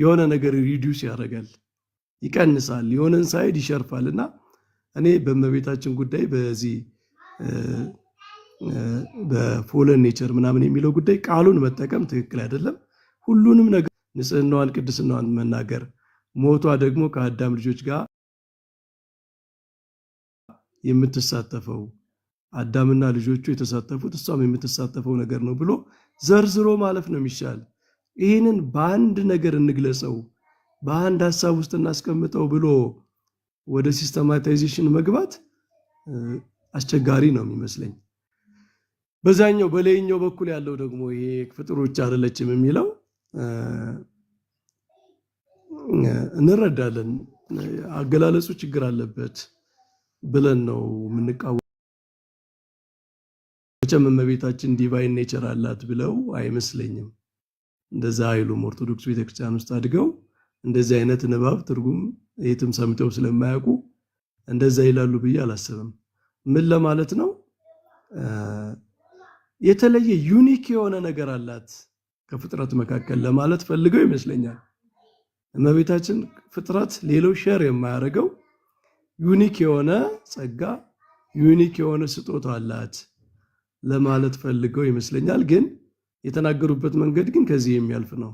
የሆነ ነገር ሪዲስ ያደርጋል፣ ይቀንሳል፣ የሆነን ሳይድ ይሸርፋል። እና እኔ በእመቤታችን ጉዳይ በዚህ በፎለን ኔቸር ምናምን የሚለው ጉዳይ ቃሉን መጠቀም ትክክል አይደለም። ሁሉንም ነገር ንጽህናዋን፣ ቅድስናዋን መናገር ሞቷ ደግሞ ከአዳም ልጆች ጋር የምትሳተፈው አዳምና ልጆቹ የተሳተፉት እሷም የምትሳተፈው ነገር ነው ብሎ ዘርዝሮ ማለፍ ነው የሚሻል። ይህንን በአንድ ነገር እንግለጸው፣ በአንድ ሀሳብ ውስጥ እናስቀምጠው ብሎ ወደ ሲስተማታይዜሽን መግባት አስቸጋሪ ነው የሚመስለኝ። በዛኛው በላይኛው በኩል ያለው ደግሞ ይሄ ፍጥሮች አይደለችም የሚለው እንረዳለን። አገላለጹ ችግር አለበት ብለን ነው የምንቃወ መቼም እመቤታችን ዲቫይን ኔቸር አላት ብለው አይመስለኝም። እንደዛ አይሉም። ኦርቶዶክስ ቤተክርስቲያን ውስጥ አድገው እንደዚህ አይነት ንባብ ትርጉም የትም ሰምተው ስለማያውቁ እንደዛ ይላሉ ብዬ አላስብም። ምን ለማለት ነው? የተለየ ዩኒክ የሆነ ነገር አላት ከፍጥረት መካከል ለማለት ፈልገው ይመስለኛል። እመቤታችን ፍጥረት ሌላው ሼር የማያደርገው ዩኒክ የሆነ ጸጋ፣ ዩኒክ የሆነ ስጦታ አላት ለማለት ፈልገው ይመስለኛል ግን የተናገሩበት መንገድ ግን ከዚህ የሚያልፍ ነው።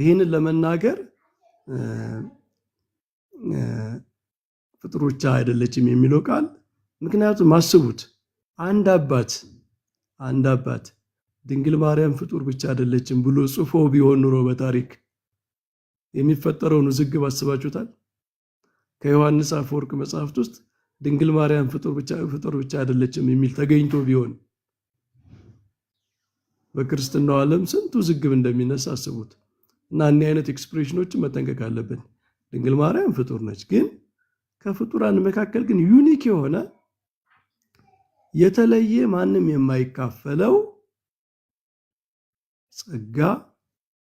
ይህንን ለመናገር ፍጡር ብቻ አይደለችም የሚለው ቃል ምክንያቱም አስቡት፣ አንድ አባት አንድ አባት ድንግል ማርያም ፍጡር ብቻ አይደለችም ብሎ ጽፎ ቢሆን ኑሮ በታሪክ የሚፈጠረውን ውዝግብ አስባችሁታል? ከዮሐንስ አፈወርቅ መጽሐፍት ውስጥ ድንግል ማርያም ብቻ ፍጡር ብቻ አይደለችም የሚል ተገኝቶ ቢሆን በክርስትናው ዓለም ስንት ውዝግብ እንደሚነሳ አስቡት። እና እኒህ አይነት ኤክስፕሬሽኖችን መጠንቀቅ አለብን። ድንግል ማርያም ፍጡር ነች፣ ግን ከፍጡራን መካከል ግን ዩኒክ የሆነ የተለየ ማንም የማይካፈለው ጸጋ፣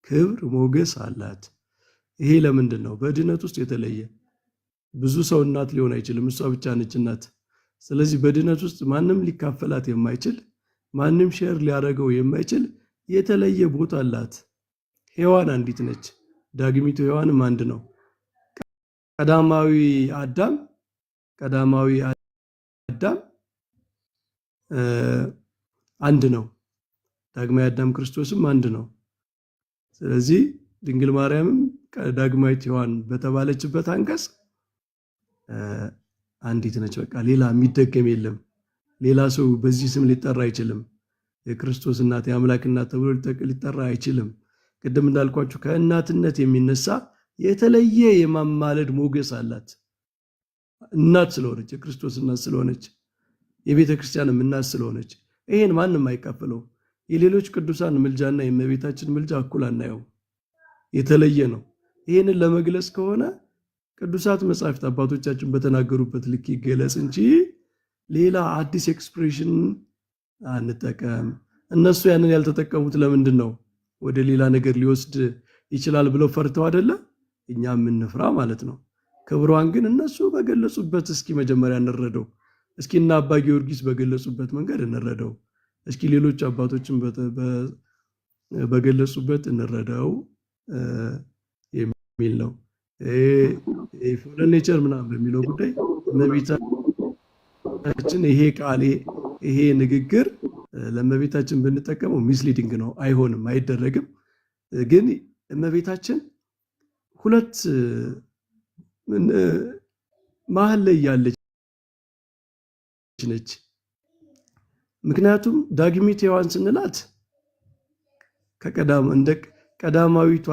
ክብር፣ ሞገስ አላት። ይሄ ለምንድን ነው? በድነት ውስጥ የተለየ ብዙ ሰው እናት ሊሆን አይችልም። እሷ ብቻ ነች እናት። ስለዚህ በድነት ውስጥ ማንም ሊካፈላት የማይችል ማንም ሼር ሊያደርገው የማይችል የተለየ ቦታ አላት። ሔዋን አንዲት ነች፣ ዳግሚቱ ሔዋንም አንድ ነው። ቀዳማዊ አዳም ቀዳማዊ አዳም አንድ ነው። ዳግማዊ አዳም ክርስቶስም አንድ ነው። ስለዚህ ድንግል ማርያምም ዳግማዊት ሔዋን በተባለችበት አንቀጽ አንዲት ነች። በቃ ሌላ የሚደገም የለም። ሌላ ሰው በዚህ ስም ሊጠራ አይችልም። የክርስቶስ እናት የአምላክ እናት ተብሎ ሊጠራ አይችልም። ቅድም እንዳልኳችሁ ከእናትነት የሚነሳ የተለየ የማማለድ ሞገስ አላት። እናት ስለሆነች የክርስቶስ እናት ስለሆነች የቤተ ክርስቲያንም እናት ስለሆነች ይሄን ማንም አይቀፍለው። የሌሎች ቅዱሳን ምልጃና የእመቤታችን ምልጃ እኩል አናየው፣ የተለየ ነው። ይህንን ለመግለጽ ከሆነ ቅዱሳት መጻሕፍት አባቶቻችን በተናገሩበት ልክ ይገለጽ እንጂ ሌላ አዲስ ኤክስፕሬሽን አንጠቀም። እነሱ ያንን ያልተጠቀሙት ለምንድን ነው? ወደ ሌላ ነገር ሊወስድ ይችላል ብለው ፈርተው አይደለ? እኛም የምንፍራ ማለት ነው። ክብሯን ግን እነሱ በገለጹበት እስኪ መጀመሪያ እንረደው። እስኪ እና አባ ጊዮርጊስ በገለጹበት መንገድ እንረደው። እስኪ ሌሎች አባቶችን በገለጹበት እንረዳው የሚል ነው። ፉለን ኔቸር ምናምን በሚለው ጉዳይ እመቤታ እመቤታችን ይሄ ቃሌ ይሄ ንግግር ለእመቤታችን ብንጠቀመው ሚስሊዲንግ ነው፣ አይሆንም፣ አይደረግም። ግን እመቤታችን ሁለት መሀል ላይ ያለች ነች። ምክንያቱም ዳግሚት ሔዋን ስንላት ከቀዳም እንደ ቀዳማዊቷ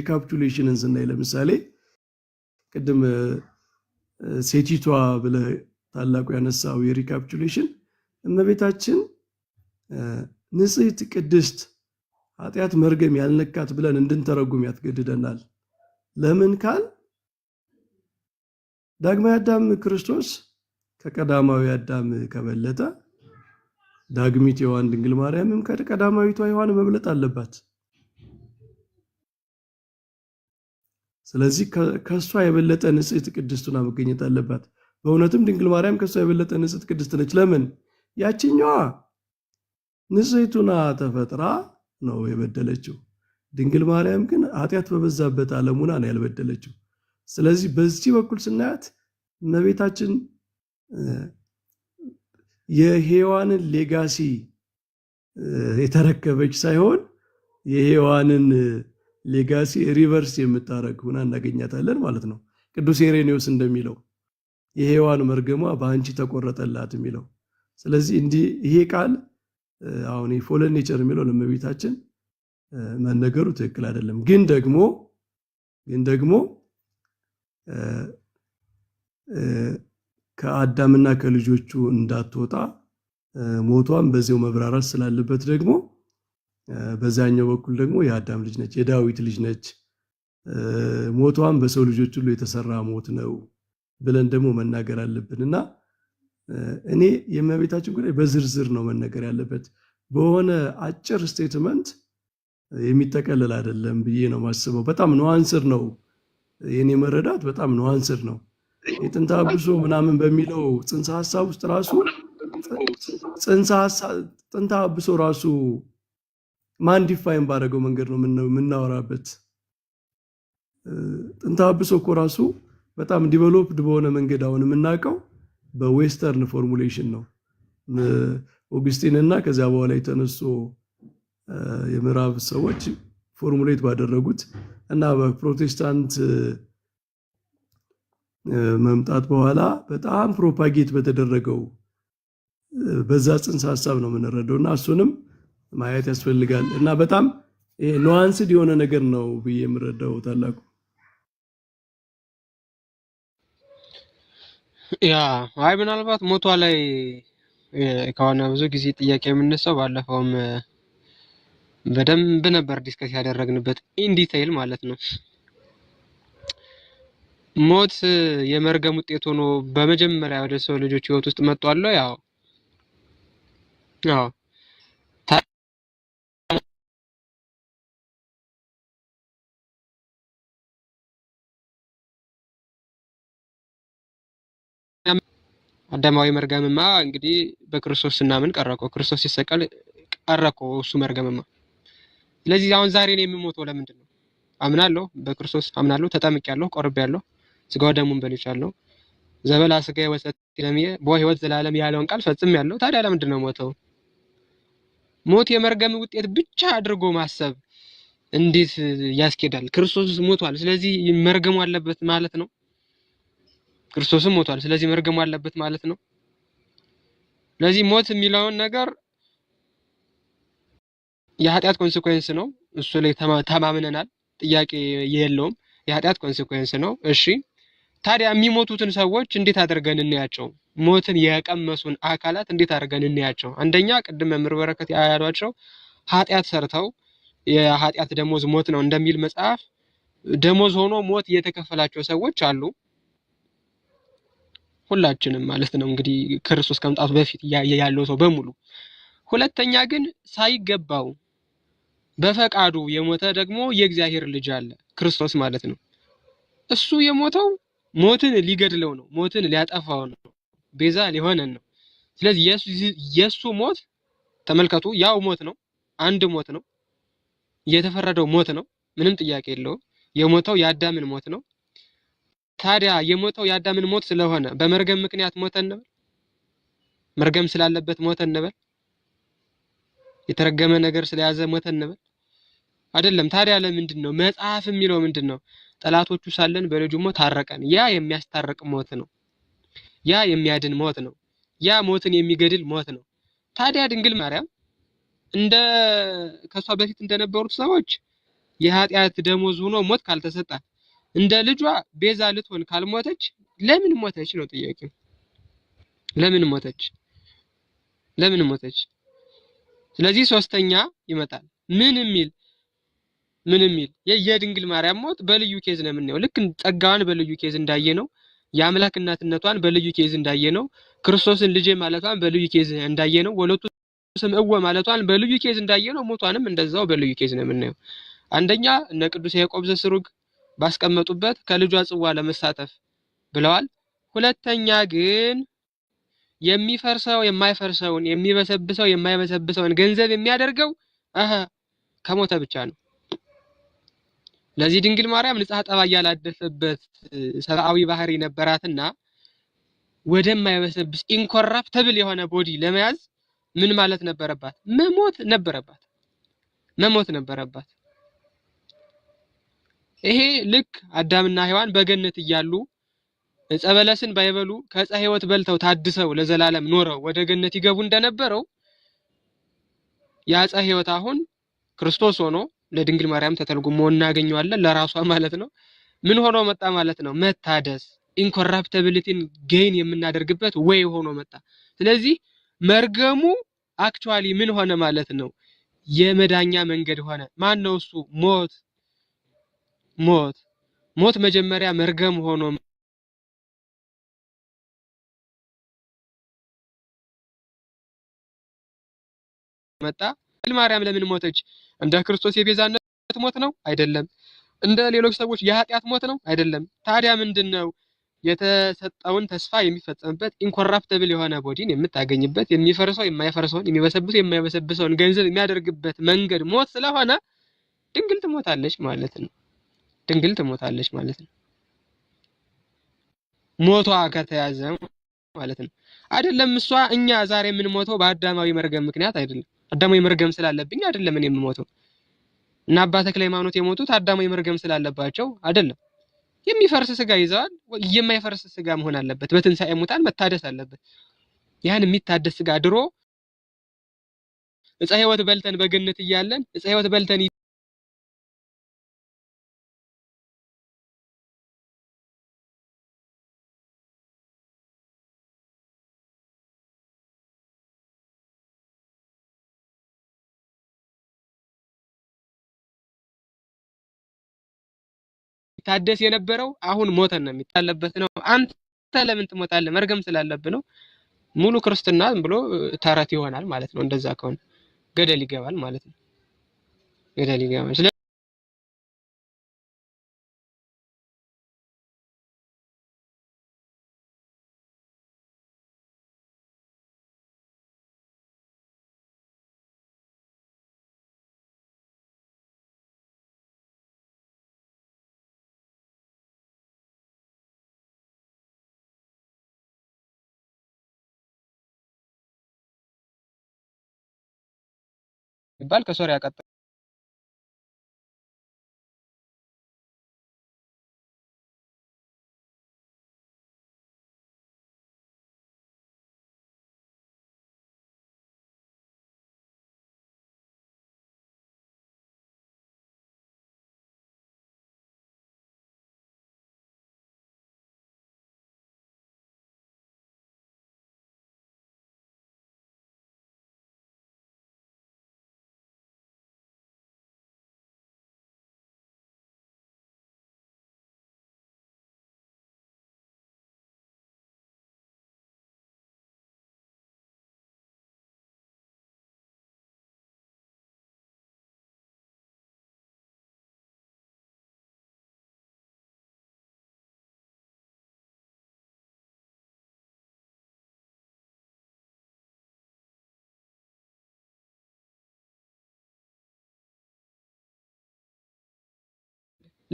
ሪካፕቹሌሽንን ስናይ ለምሳሌ ቅድም ሴቲቷ ብለህ ታላቁ ያነሳው የሪካፕቹሌሽን እመቤታችን ንጽሕት ቅድስት ኃጢአት መርገም ያልነካት ብለን እንድንተረጉም ያስገድደናል። ለምን ካል ዳግማዊ አዳም ክርስቶስ ከቀዳማዊ አዳም ከበለጠ ዳግሚት የዋን ድንግል ማርያምም ከቀዳማዊቷ ሔዋን መብለጥ አለባት። ስለዚህ ከእሷ የበለጠ ንጽሕት ቅድስቱና መገኘት አለባት። በእውነትም ድንግል ማርያም ከእሷ የበለጠ ንጽሕት ቅድስት ነች። ለምን? ያችኛዋ ንጽሕቱ ተፈጥራ ነው የበደለችው። ድንግል ማርያም ግን ኃጢአት በበዛበት ዓለም ነው ያልበደለችው። ስለዚህ በዚህ በኩል ስናያት እመቤታችን የሔዋንን ሌጋሲ የተረከበች ሳይሆን የሔዋንን ሌጋሲ ሪቨርስ የምታረግ ሁና እናገኛታለን ማለት ነው። ቅዱስ ኢሬኔዎስ እንደሚለው የሔዋን መርገሟ በአንቺ ተቆረጠላት የሚለው ስለዚህ እንዲህ ይሄ ቃል አሁን ፎለን ኔቸር የሚለው ለመቤታችን መነገሩ ትክክል አይደለም። ግን ደግሞ ግን ደግሞ ከአዳምና ከልጆቹ እንዳትወጣ ሞቷን በዚው መብራራት ስላለበት ደግሞ በዛኛው በኩል ደግሞ የአዳም ልጅ ነች፣ የዳዊት ልጅ ነች፣ ሞቷን በሰው ልጆች ሁሉ የተሰራ ሞት ነው ብለን ደግሞ መናገር አለብን እና እኔ የእመቤታችን ጉዳይ በዝርዝር ነው መነገር ያለበት። በሆነ አጭር ስቴትመንት የሚጠቀልል አይደለም ብዬ ነው ማስበው። በጣም ነዋንስር ነው የኔ መረዳት፣ በጣም ነዋንስር ነው። የጥንተ አብሶ ምናምን በሚለው ጽንሰ ሀሳብ ውስጥ ራሱ ጥንተ አብሶ ራሱ ማን ዲፋይን ባደረገው መንገድ ነው የምናወራበት። ጥንተ አብሶ እኮ ራሱ በጣም ዲቨሎፕድ በሆነ መንገድ አሁን የምናውቀው በዌስተርን ፎርሙሌሽን ነው። ኦግስቲን እና ከዚያ በኋላ የተነሱ የምዕራብ ሰዎች ፎርሙሌት ባደረጉት እና በፕሮቴስታንት መምጣት በኋላ በጣም ፕሮፓጌት በተደረገው በዛ ጽንሰ ሀሳብ ነው የምንረዳው እና እሱንም ማየት ያስፈልጋል እና በጣም ኑዋንስድ የሆነ ነገር ነው ብዬ የምረዳው ታላቁ ያ አይ ምናልባት ሞቷ ላይ ከሆነ ብዙ ጊዜ ጥያቄ የምነሳው ባለፈውም በደንብ ነበር ዲስከስ ያደረግንበት ኢን ዲቴይል ማለት ነው። ሞት የመርገም ውጤት ሆኖ በመጀመሪያ ወደ ሰው ልጆች ህይወት ውስጥ መጥቷል። ያው ያው አዳማዊ መርገምማ እንግዲህ በክርስቶስ ስናምን ቀረኮ ክርስቶስ ሲሰቀል ቀረኮ እሱ መርገምማ። ስለዚህ አሁን ዛሬ ነው የምሞተው ለምንድን ነው? አምናለሁ፣ በክርስቶስ አምናለሁ፣ ተጠምቄያለሁ፣ ቆርቤያለሁ፣ ስጋው ደሙን በልቻለሁ። ዘበላ ወሰት ለሚየ ቦ ህይወት ዘላለም ያለውን ቃል ያለው ታዲያ ለምንድን ነው ሞተው? ሞት የመርገም ውጤት ብቻ አድርጎ ማሰብ እንዴት ያስኬዳል? ክርስቶስ ሞቷል፣ ስለዚህ መርገሙ አለበት ማለት ነው። ክርስቶስም ሞቷል። ስለዚህ መርገም አለበት ማለት ነው። ስለዚህ ሞት የሚለውን ነገር የኃጢአት ኮንሲኩዌንስ ነው። እሱ ላይ ተማምነናል። ጥያቄ የለውም። የኃጢአት ኮንሲኩዌንስ ነው። እሺ ታዲያ የሚሞቱትን ሰዎች እንዴት አድርገን እናያቸው? ሞትን የቀመሱን አካላት እንዴት አድርገን እናያቸው? አንደኛ ቅድም መምህር በረከት ያሏቸው ኃጢአት ሰርተው የኃጢአት ደሞዝ ሞት ነው እንደሚል መጽሐፍ ደሞዝ ሆኖ ሞት እየተከፈላቸው ሰዎች አሉ። ሁላችንም ማለት ነው እንግዲህ ክርስቶስ ከመምጣቱ በፊት ያለው ሰው በሙሉ። ሁለተኛ ግን ሳይገባው በፈቃዱ የሞተ ደግሞ የእግዚአብሔር ልጅ አለ ክርስቶስ ማለት ነው። እሱ የሞተው ሞትን ሊገድለው ነው፣ ሞትን ሊያጠፋው ነው፣ ቤዛ ሊሆነን ነው። ስለዚህ የእሱ ሞት ተመልከቱ፣ ያው ሞት ነው፣ አንድ ሞት ነው፣ የተፈረደው ሞት ነው፣ ምንም ጥያቄ የለውም። የሞተው የአዳምን ሞት ነው። ታዲያ የሞተው የአዳምን ሞት ስለሆነ በመርገም ምክንያት ሞተ እንበል? መርገም ስላለበት ሞተ እንበል? የተረገመ ነገር ስለያዘ ሞተ እንበል? አይደለም። ታዲያ ለምንድን ነው መጽሐፍ የሚለው ምንድን ነው? ጠላቶቹ ሳለን በልጁ ሞት ታረቀን። ያ የሚያስታርቅ ሞት ነው። ያ የሚያድን ሞት ነው። ያ ሞትን የሚገድል ሞት ነው። ታዲያ ድንግል ማርያም እንደ ከሷ በፊት እንደነበሩት ሰዎች የኃጢአት ደሞዝ ሆኖ ሞት ካልተሰጣት እንደ ልጇ ቤዛ ልትሆን ካልሞተች ለምን ሞተች ነው ጥያቄው። ለምን ሞተች? ለምን ሞተች? ስለዚህ ሶስተኛ ይመጣል ምን የሚል ምን የሚል የድንግል ማርያም ሞት በልዩ ኬዝ ነው የምናየው። ልክ ጸጋዋን በልዩ ኬዝ እንዳየ ነው የአምላክ እናትነቷን በልዩ ኬዝ እንዳየ ነው ክርስቶስን ልጄ ማለቷን በልዩ ኬዝ እንዳየ ነው ወለቱ ስምዕወ ማለቷን በልዩ ኬዝ እንዳየ ነው ሞቷንም እንደዛው በልዩ ኬዝ ነው የምናየው። አንደኛ እነ ቅዱስ ያዕቆብ ዘስሩግ ባስቀመጡበት ከልጇ ጽዋ ለመሳተፍ ብለዋል። ሁለተኛ ግን የሚፈርሰው የማይፈርሰውን የሚበሰብሰው የማይበሰብሰውን ገንዘብ የሚያደርገው አህ ከሞተ ብቻ ነው። ለዚህ ድንግል ማርያም ንጽሐ ጠባይ ያላደፈበት ሰብአዊ ባህሪ ነበራትና ወደማይበሰብስ ኢንኮራፕተብል የሆነ ቦዲ ለመያዝ ምን ማለት ነበረባት? መሞት ነበረባት። መሞት ነበረባት። ይሄ ልክ አዳምና ሔዋን በገነት እያሉ ዕፀ በለስን ባይበሉ ከዕፀ ሕይወት በልተው ታድሰው ለዘላለም ኖረው ወደ ገነት ይገቡ እንደነበረው ያ ህይወት ሕይወት አሁን ክርስቶስ ሆኖ ለድንግል ማርያም ተተርጉሞ እናገኘዋለን። ለራሷ ማለት ነው። ምን ሆኖ መጣ ማለት ነው? መታደስ ኢንኮራፕተብሊቲን ጌይን የምናደርግበት ወይ ሆኖ መጣ። ስለዚህ መርገሙ አክቹዋሊ ምን ሆነ ማለት ነው? የመዳኛ መንገድ ሆነ። ማን ነው እሱ? ሞት ሞት ሞት መጀመሪያ መርገም ሆኖ መጣ። ድንግል ማርያም ለምን ሞተች? እንደ ክርስቶስ የቤዛነት ሞት ነው? አይደለም። እንደ ሌሎች ሰዎች የኃጢአት ሞት ነው? አይደለም። ታዲያ ምንድን ነው? የተሰጠውን ተስፋ የሚፈጸምበት ኢንኮራፕተብል የሆነ ቦዲን የምታገኝበት የሚፈርሰው የማይፈርሰውን የሚበሰብሰው የማይበሰብሰውን ገንዘብ የሚያደርግበት መንገድ ሞት ስለሆነ ድንግል ትሞታለች ማለት ነው። ድንግል ትሞታለች ማለት ነው። ሞቷ ከተያዘ ማለት ነው። አይደለም እሷ እኛ ዛሬ የምንሞተው በአዳማዊ መርገም ምክንያት አይደለም። አዳማዊ መርገም ስላለብኝ አይደለም እኔ የምሞተው እና አባ ተክለ ሃይማኖት የሞቱት አዳማዊ መርገም ስላለባቸው አይደለም። የሚፈርስ ስጋ ይዘዋል። የማይፈርስ ስጋ መሆን አለበት። በትንሳኤ ሙታን መታደስ አለበት። ያን የሚታደስ ስጋ ድሮ እፀ ሕይወት በልተን በገነት እያለን እፀ ሕይወት በልተን ታደስ የነበረው አሁን ሞተን ነው የሚታለበት ነው። አንተ ለምን ትሞታለህ? መርገም ስላለብህ ነው። ሙሉ ክርስትና ብሎ ተረት ይሆናል ማለት ነው። እንደዛ ከሆነ ገደል ይገባል ማለት ነው። ገደል ይገባል። ሲባል ከሶሪያ ቀጥሎ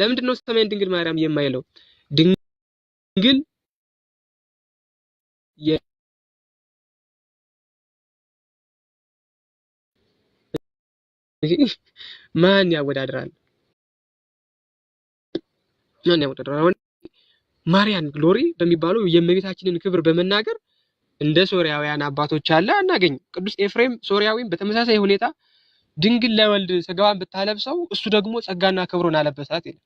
ለምንድን ነው ሰማይን ድንግል ማርያም የማይለው? ድንግል ማን ያወዳድራል? ማን ያወዳድራል? ማርያም ግሎሪ በሚባለው የእመቤታችንን ክብር በመናገር እንደ ሶሪያውያን አባቶች አለ አናገኝ። ቅዱስ ኤፍሬም ሶሪያዊም በተመሳሳይ ሁኔታ ድንግል ለወልድ ስጋዋን ብታለብሰው እሱ ደግሞ ጸጋና ክብሩን አለበሳት ይላል።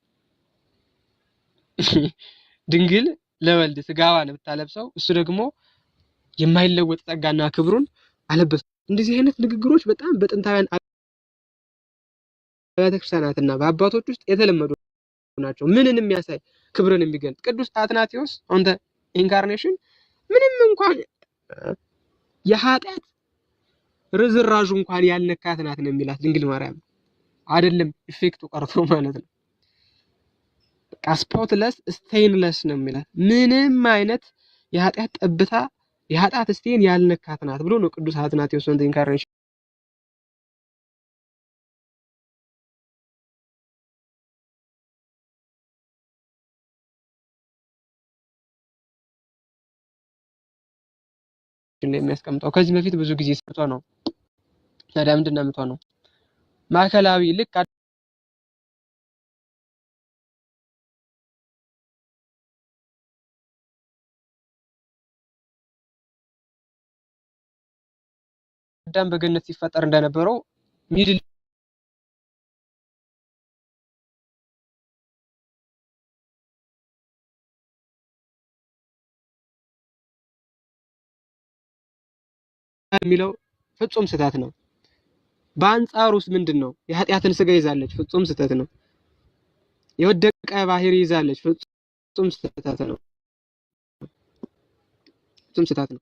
ድንግል ለወልድ ስጋዋን ብታለብሰው እሱ ደግሞ የማይለወጥ ጸጋና ክብሩን አለበሳት። እንደዚህ አይነት ንግግሮች በጣም በጥንታውያን አብያተ ክርስቲያናትና በአባቶች ውስጥ የተለመዱ ናቸው። ምንን የሚያሳይ ክብርን የሚገልጽ ቅዱስ አትናቴዎስ ኦን ዘ ኢንካርኔሽን ምንም እንኳን የኃጢአት ርዝራዡ እንኳን ያልነካት ናት ነው የሚላት ድንግል ማርያም። አይደለም ኢፌክቱ ቀርቶ ማለት ነው። በቃ ስፖትለስ ስቴንለስ ነው የሚላት ምንም አይነት የኃጢአት ጠብታ የኃጢአት ስቴን ያልነካት ናት ብሎ ነው ቅዱስ አትናቴዎስ ወንድ ኢንካርኔሽን ላይ የሚያስቀምጠው። ከዚህ በፊት ብዙ ጊዜ ሰርቶ ነው ታዲያ ምንድን ነው የምትሆነው? ማዕከላዊ ልክ አዳም በገነት ሲፈጠር እንደነበረው ሚድል የሚለው ፍጹም ስህተት ነው። በአንጻሩ ምንድን ነው? የኃጢአትን ስጋ ይዛለች፣ ፍጹም ስህተት ነው። የወደቀ ባህሪ ይዛለች፣ ፍጹም ስህተት ነው። ፍጹም ስህተት ነው።